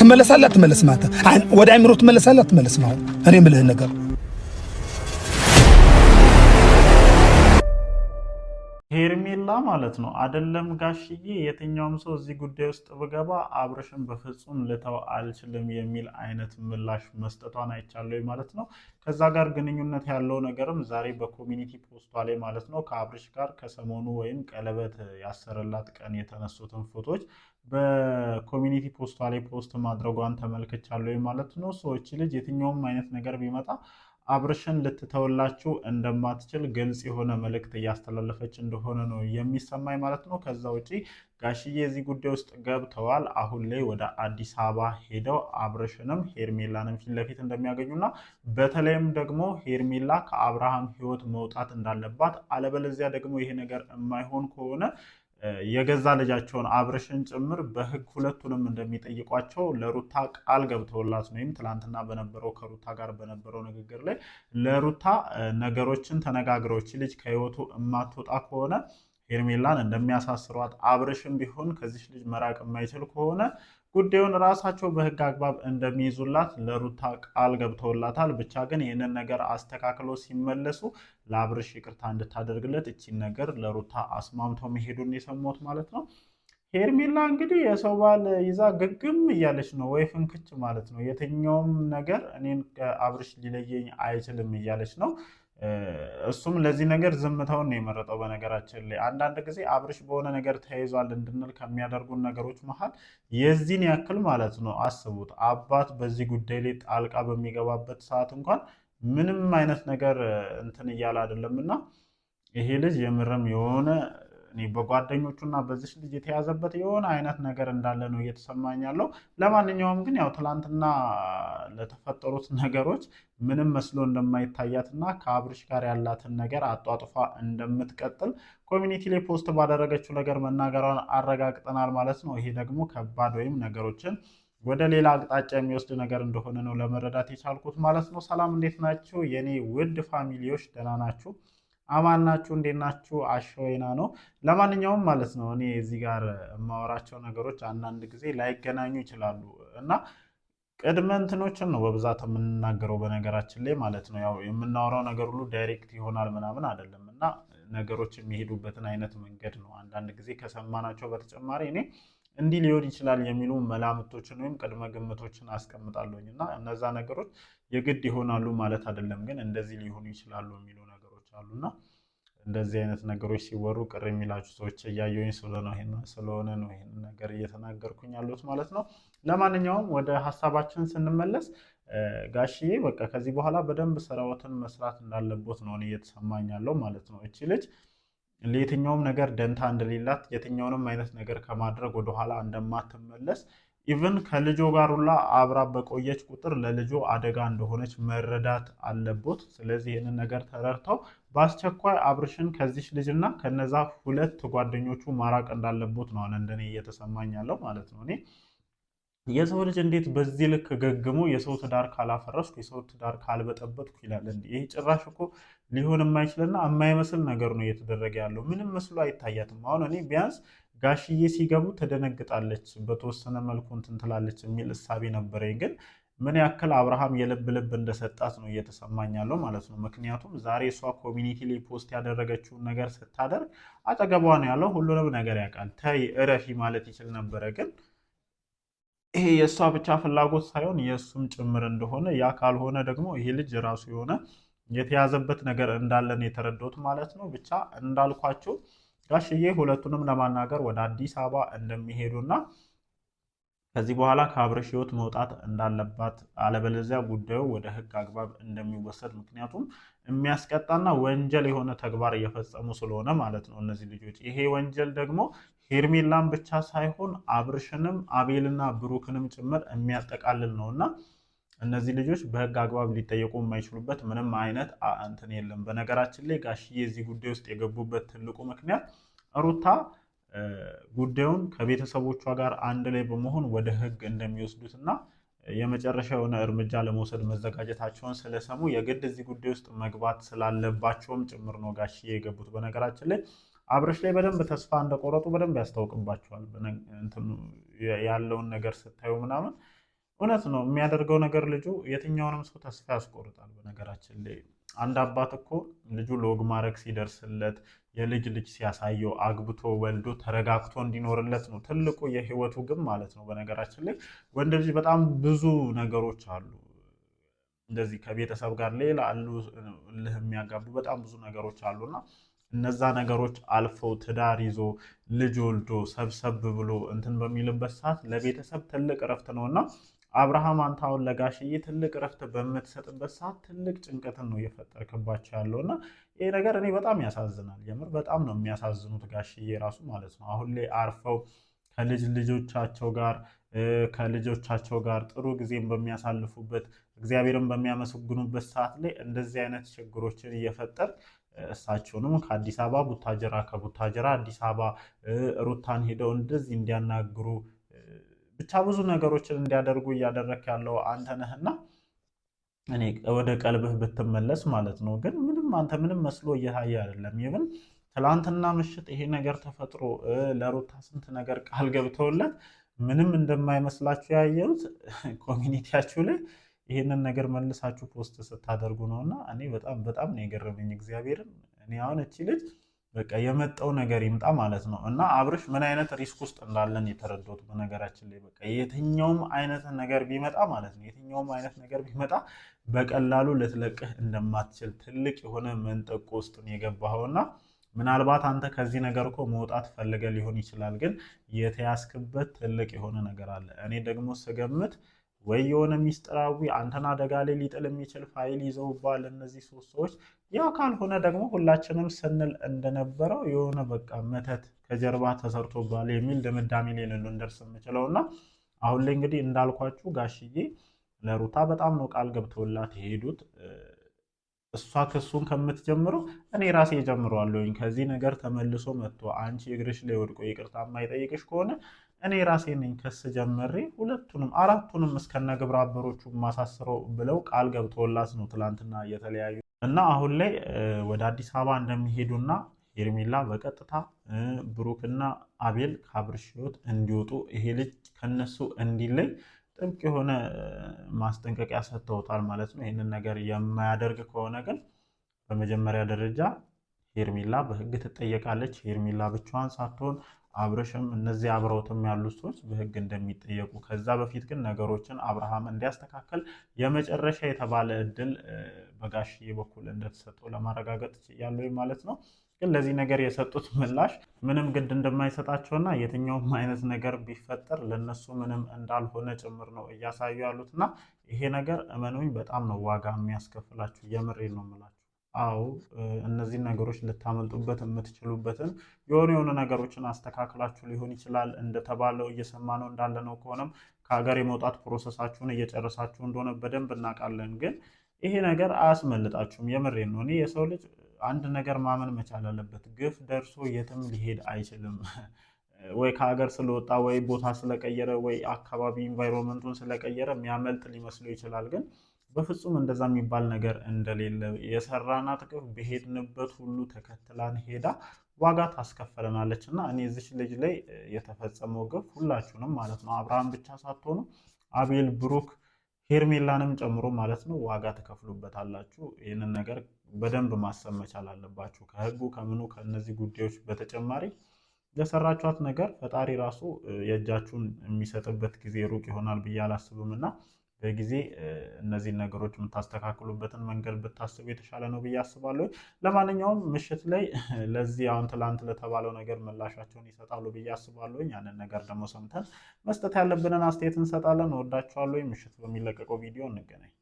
ትመለሳለህ አትመለስም? አንተ ወደ አይምሮ ትመለሳለህ አትመለስም? አሁን እኔ የምልህ ነገር ሄርሜላ ጠቅላላ ማለት ነው አደለም ጋሽዬ፣ የትኛውም ሰው እዚህ ጉዳይ ውስጥ ብገባ አብርሽን በፍጹም ልተው አልችልም የሚል አይነት ምላሽ መስጠቷን አይቻለሁ ማለት ነው። ከዛ ጋር ግንኙነት ያለው ነገርም ዛሬ በኮሚኒቲ ፖስቷ ላይ ማለት ነው ከአብርሽ ጋር ከሰሞኑ ወይም ቀለበት ያሰረላት ቀን የተነሱትን ፎቶች በኮሚኒቲ ፖስቷ ላይ ፖስት ማድረጓን ተመልክቻለሁ ማለት ነው። ሰዎች ልጅ የትኛውም አይነት ነገር ቢመጣ አብርሽን ልትተውላችሁ እንደማትችል ግልጽ የሆነ መልእክት እያስተላለፈች እንደሆነ ነው የሚሰማኝ ማለት ነው። ከዛ ውጪ ጋሽዬ የዚህ ጉዳይ ውስጥ ገብተዋል። አሁን ላይ ወደ አዲስ አበባ ሄደው አብርሽንም ሄርሜላንም ፊት ለፊት እንደሚያገኙና በተለይም ደግሞ ሄርሜላ ከአብርሃም ሕይወት መውጣት እንዳለባት አለበለዚያ ደግሞ ይሄ ነገር የማይሆን ከሆነ የገዛ ልጃቸውን አብርሽን ጭምር በህግ ሁለቱንም እንደሚጠይቋቸው ለሩታ ቃል ገብተውላት ወይም ትላንትና በነበረው ከሩታ ጋር በነበረው ንግግር ላይ ለሩታ ነገሮችን ተነጋግረው ልጅ ከህይወቱ እማትወጣ ከሆነ ሄርሜላን እንደሚያሳስሯት አብርሽም ቢሆን ከዚች ልጅ መራቅ የማይችል ከሆነ ጉዳዩን ራሳቸው በህግ አግባብ እንደሚይዙላት ለሩታ ቃል ገብተውላታል። ብቻ ግን ይህንን ነገር አስተካክለው ሲመለሱ ለአብርሽ ይቅርታ እንድታደርግለት እቺን ነገር ለሩታ አስማምቶ መሄዱን የሰማሁት ማለት ነው። ሄርሜላ እንግዲህ የሰው ባል ይዛ ግግም እያለች ነው፣ ወይ ፍንክች ማለት ነው። የትኛውም ነገር እኔን አብርሽ ሊለየኝ አይችልም እያለች ነው። እሱም ለዚህ ነገር ዝምታውን ነው የመረጠው። በነገራችን ላይ አንዳንድ ጊዜ አብርሽ በሆነ ነገር ተያይዟል እንድንል ከሚያደርጉን ነገሮች መሀል የዚህን ያክል ማለት ነው። አስቡት አባት በዚህ ጉዳይ ላይ ጣልቃ በሚገባበት ሰዓት እንኳን ምንም አይነት ነገር እንትን እያለ አይደለም እና ይሄ ልጅ የምርም የሆነ እኔ በጓደኞቹና በዚች ልጅ የተያዘበት የሆነ አይነት ነገር እንዳለ ነው እየተሰማኝ ያለው። ለማንኛውም ግን ያው ትላንትና ለተፈጠሩት ነገሮች ምንም መስሎ እንደማይታያትና ከአብርሽ ጋር ያላትን ነገር አጧጥፋ እንደምትቀጥል ኮሚኒቲ ላይ ፖስት ባደረገችው ነገር መናገሯን አረጋግጠናል ማለት ነው። ይሄ ደግሞ ከባድ ወይም ነገሮችን ወደ ሌላ አቅጣጫ የሚወስድ ነገር እንደሆነ ነው ለመረዳት የቻልኩት ማለት ነው። ሰላም እንዴት ናችሁ የኔ ውድ ፋሚሊዎች? ደህና ናችሁ? አማን ናችሁ? እንዴት ናችሁ? አሸወይና ነው። ለማንኛውም ማለት ነው እኔ እዚህ ጋር የማወራቸው ነገሮች አንዳንድ ጊዜ ላይገናኙ ይችላሉ እና ቅድመ እንትኖችን ነው በብዛት የምንናገረው። በነገራችን ላይ ማለት ነው ያው የምናወራው ነገር ሁሉ ዳይሬክት ይሆናል ምናምን አይደለም እና ነገሮች የሚሄዱበትን አይነት መንገድ ነው። አንዳንድ ጊዜ ከሰማናቸው በተጨማሪ እኔ እንዲህ ሊሆን ይችላል የሚሉ መላምቶችን ወይም ቅድመ ግምቶችን አስቀምጣለሁኝ እና እነዛ ነገሮች የግድ ይሆናሉ ማለት አይደለም፣ ግን እንደዚህ ሊሆኑ ይችላሉ የሚሉ እና እንደዚህ አይነት ነገሮች ሲወሩ ቅር የሚላችሁ ሰዎች እያየሁኝ ስለሆነ ነው ይህን ነገር እየተናገርኩኝ ያሉት ማለት ነው። ለማንኛውም ወደ ሀሳባችን ስንመለስ ጋሽዬ በቃ ከዚህ በኋላ በደንብ ስራዎትን መስራት እንዳለቦት ነው እየተሰማኝ ያለው ማለት ነው። እቺ ልጅ ለየትኛውም ነገር ደንታ እንደሌላት የትኛውንም አይነት ነገር ከማድረግ ወደኋላ እንደማትመለስ ኢቨን ከልጆ ጋር ሁላ አብራ በቆየች ቁጥር ለልጆ አደጋ እንደሆነች መረዳት አለቦት። ስለዚህ ይህንን ነገር ተረድተው በአስቸኳይ አብርሽን ከዚች ልጅና ከነዛ ሁለት ጓደኞቹ ማራቅ እንዳለቦት ነው እንደኔ እየተሰማኝ ያለው ማለት ነው። እኔ የሰው ልጅ እንዴት በዚህ ልክ ገግሞ የሰው ትዳር ካላፈረስኩ የሰው ትዳር ካልበጠበጥኩ ይላል። ይህ ጭራሽ እኮ ሊሆን የማይችልና የማይመስል ነገር ነው እየተደረገ ያለው። ምንም መስሎ አይታያትም። አሁን እኔ ቢያንስ ጋሽዬ ሲገቡ ትደነግጣለች፣ በተወሰነ መልኩ እንትን ትላለች የሚል እሳቤ ነበረኝ ግን ምን ያክል አብርሃም የልብ ልብ እንደሰጣት ነው እየተሰማኝ ያለው ማለት ነው። ምክንያቱም ዛሬ እሷ ኮሚኒቲ ላይ ፖስት ያደረገችውን ነገር ስታደርግ አጠገቧ ነው ያለው፣ ሁሉንም ነገር ያውቃል። ተይ እረፊ ማለት ይችል ነበረ፣ ግን ይሄ የእሷ ብቻ ፍላጎት ሳይሆን የእሱም ጭምር እንደሆነ ያ ካልሆነ ደግሞ ይሄ ልጅ የራሱ የሆነ የተያዘበት ነገር እንዳለን የተረዳሁት ማለት ነው። ብቻ እንዳልኳቸው ጋሽዬ ሁለቱንም ለማናገር ወደ አዲስ አበባ እንደሚሄዱና ከዚህ በኋላ ከአብርሽ ህይወት መውጣት እንዳለባት አለበለዚያ ጉዳዩ ወደ ህግ አግባብ እንደሚወሰድ ምክንያቱም የሚያስቀጣና ወንጀል የሆነ ተግባር እየፈጸሙ ስለሆነ ማለት ነው እነዚህ ልጆች። ይሄ ወንጀል ደግሞ ሄርሜላን ብቻ ሳይሆን አብርሽንም አቤልና ብሩክንም ጭምር የሚያጠቃልል ነው እና እነዚህ ልጆች በህግ አግባብ ሊጠየቁ የማይችሉበት ምንም አይነት እንትን የለም። በነገራችን ላይ ጋሽዬ እዚህ ጉዳይ ውስጥ የገቡበት ትልቁ ምክንያት ሩታ ጉዳዩን ከቤተሰቦቿ ጋር አንድ ላይ በመሆን ወደ ህግ እንደሚወስዱት እና የመጨረሻ የሆነ እርምጃ ለመውሰድ መዘጋጀታቸውን ስለሰሙ የግድ እዚህ ጉዳይ ውስጥ መግባት ስላለባቸውም ጭምር ነው ጋሽዬ የገቡት። በነገራችን ላይ አብረሽ ላይ በደንብ ተስፋ እንደቆረጡ በደንብ ያስታውቅባቸዋል። ያለውን ነገር ስታዩ ምናምን እውነት ነው የሚያደርገው ነገር ልጁ የትኛውንም ሰው ተስፋ ያስቆርጣል። በነገራችን ላይ አንድ አባት እኮ ልጁ ለወግ ማዕረግ ሲደርስለት የልጅ ልጅ ሲያሳየው አግብቶ ወልዶ ተረጋግቶ እንዲኖርለት ነው ትልቁ የህይወቱ ግብ ማለት ነው። በነገራችን ላይ ወንድ ልጅ በጣም ብዙ ነገሮች አሉ እንደዚህ ከቤተሰብ ጋር ሌላ አሉ ልህ የሚያጋቡ በጣም ብዙ ነገሮች አሉና እነዛ ነገሮች አልፈው ትዳር ይዞ ልጅ ወልዶ ሰብሰብ ብሎ እንትን በሚልበት ሰዓት ለቤተሰብ ትልቅ እረፍት ነውና አብርሃም አንተ አሁን ለጋሽዬ ትልቅ ረፍት በምትሰጥበት ሰዓት ትልቅ ጭንቀትን ነው እየፈጠርክባቸው ያለው እና ይሄ ነገር እኔ በጣም ያሳዝናል። የምር በጣም ነው የሚያሳዝኑት ጋሽዬ ራሱ ማለት ነው። አሁን ላይ አርፈው ከልጅ ልጆቻቸው ጋር ከልጆቻቸው ጋር ጥሩ ጊዜም በሚያሳልፉበት እግዚአብሔርን በሚያመሰግኑበት ሰዓት ላይ እንደዚህ አይነት ችግሮችን እየፈጠር እሳቸውንም ከአዲስ አበባ ቡታጀራ፣ ከቡታጀራ አዲስ አበባ ሩታን ሄደው እንደዚህ እንዲያናግሩ ብቻ ብዙ ነገሮችን እንዲያደርጉ እያደረክ ያለው አንተ ነህና እኔ ወደ ቀልብህ ብትመለስ ማለት ነው። ግን ምንም አንተ ምንም መስሎ እየታየ አይደለም። ይብን ትላንትና ምሽት ይሄ ነገር ተፈጥሮ ለሩታ ስንት ነገር ቃል ገብተውለት ምንም እንደማይመስላችሁ ያየሁት ኮሚኒቲያችሁ ላይ ይህንን ነገር መልሳችሁ ፖስት ስታደርጉ ነው። እና እኔ በጣም በጣም ነው የገረመኝ እግዚአብሔርን። እኔ አሁን እቺ ልጅ በቃ የመጣው ነገር ይምጣ ማለት ነው። እና አብርሽ ምን አይነት ሪስክ ውስጥ እንዳለን የተረዶት በነገራችን ላይ በቃ የትኛውም አይነት ነገር ቢመጣ ማለት ነው የትኛውም አይነት ነገር ቢመጣ በቀላሉ ልትለቅህ እንደማትችል ትልቅ የሆነ መንጠቆ ውስጥ እና ምናልባት አንተ ከዚህ ነገር እኮ መውጣት ፈልገ ሊሆን ይችላል፣ ግን የተያዝክበት ትልቅ የሆነ ነገር አለ። እኔ ደግሞ ስገምት ወይ የሆነ ሚስጥራዊ አንተን አደጋ ላይ ሊጥል የሚችል ፋይል ይዘውባል እነዚህ ሶስት ሰዎች። ያ ካልሆነ ደግሞ ሁላችንም ስንል እንደነበረው የሆነ በቃ መተት ከጀርባ ተሰርቶባል የሚል ድምዳሜ ላይ ልንደርስ የምችለው እና አሁን ላይ እንግዲህ እንዳልኳችሁ ጋሽዬ ለሩታ በጣም ነው ቃል ገብተውላት የሄዱት። እሷ ክሱን ከምትጀምሩ እኔ ራሴ ጀምረዋለሁኝ፣ ከዚህ ነገር ተመልሶ መጥቶ አንቺ እግርሽ ላይ ወድቆ ይቅርታ የማይጠይቅሽ ከሆነ እኔ ራሴ ነኝ ክስ ጀመሬ ሁለቱንም አራቱንም እስከነ ግብረ አበሮቹ ማሳስረው ብለው ቃል ገብተውላት ነው ትላንትና የተለያዩ እና አሁን ላይ ወደ አዲስ አበባ እንደሚሄዱና ሄርሜላ በቀጥታ ብሩክና አቤል ከአብርሽ እንዲወጡ ይሄ ልጅ ከነሱ እንዲለይ ጥብቅ የሆነ ማስጠንቀቂያ ሰጥተውታል ማለት ነው። ይህንን ነገር የማያደርግ ከሆነ ግን በመጀመሪያ ደረጃ ሄርሜላ በህግ ትጠየቃለች። ሄርሜላ ብቻዋን ሳትሆን አብርሽም እነዚህ አብረውትም ያሉት ሰዎች በህግ እንደሚጠየቁ ከዛ በፊት ግን ነገሮችን አብርሃም እንዲያስተካከል የመጨረሻ የተባለ እድል በጋሽዬ በኩል እንደተሰጠው ለማረጋገጥ ያለው ማለት ነው። ግን ለዚህ ነገር የሰጡት ምላሽ ምንም ግድ እንደማይሰጣቸውና የትኛውም አይነት ነገር ቢፈጠር ለነሱ ምንም እንዳልሆነ ጭምር ነው እያሳዩ ያሉትና ይሄ ነገር እመኑኝ በጣም ነው ዋጋ የሚያስከፍላችሁ። የምሬ ነው የምላችሁ። አው እነዚህን ነገሮች ልታመልጡበት የምትችሉበትን የሆኑ የሆኑ ነገሮችን አስተካክላችሁ ሊሆን ይችላል። እንደተባለው እየሰማ ነው እንዳለ ነው ከሆነም ከሀገር የመውጣት ፕሮሰሳችሁን እየጨረሳችሁ እንደሆነ በደንብ እናውቃለን። ግን ይሄ ነገር አያስመልጣችሁም። የምሬን ነው። እኔ የሰው ልጅ አንድ ነገር ማመን መቻል አለበት። ግፍ ደርሶ የትም ሊሄድ አይችልም። ወይ ከሀገር ስለወጣ ወይ ቦታ ስለቀየረ ወይ አካባቢ ኢንቫይሮንመንቱን ስለቀየረ የሚያመልጥ ሊመስለው ይችላል ግን በፍጹም እንደዛ የሚባል ነገር እንደሌለ የሰራናት እቅፍ በሄድንበት ሁሉ ተከትላን ሄዳ ዋጋ ታስከፈለናለች እና እኔ እዚች ልጅ ላይ የተፈጸመው ግፍ ሁላችሁንም ማለት ነው አብርሃም ብቻ ሳትሆኑ አቤል፣ ብሩክ፣ ሄርሜላንም ጨምሮ ማለት ነው ዋጋ ትከፍሉበታላችሁ። ይህንን ነገር በደንብ ማሰብ መቻል አለባችሁ። ከህጉ ከምኑ ከእነዚህ ጉዳዮች በተጨማሪ ለሰራችኋት ነገር ፈጣሪ ራሱ የእጃችሁን የሚሰጥበት ጊዜ ሩቅ ይሆናል ብዬ አላስብም እና በጊዜ እነዚህን ነገሮች የምታስተካክሉበትን መንገድ ብታስቡ የተሻለ ነው ብዬ አስባለሁ። ለማንኛውም ምሽት ላይ ለዚህ አሁን ትላንት ለተባለው ነገር ምላሻቸውን ይሰጣሉ ብዬ አስባለሁ። ያንን ነገር ደግሞ ሰምተን መስጠት ያለብንን አስተያየት እንሰጣለን። ወዳችኋለሁ። ምሽት በሚለቀቀው ቪዲዮ እንገናኝ።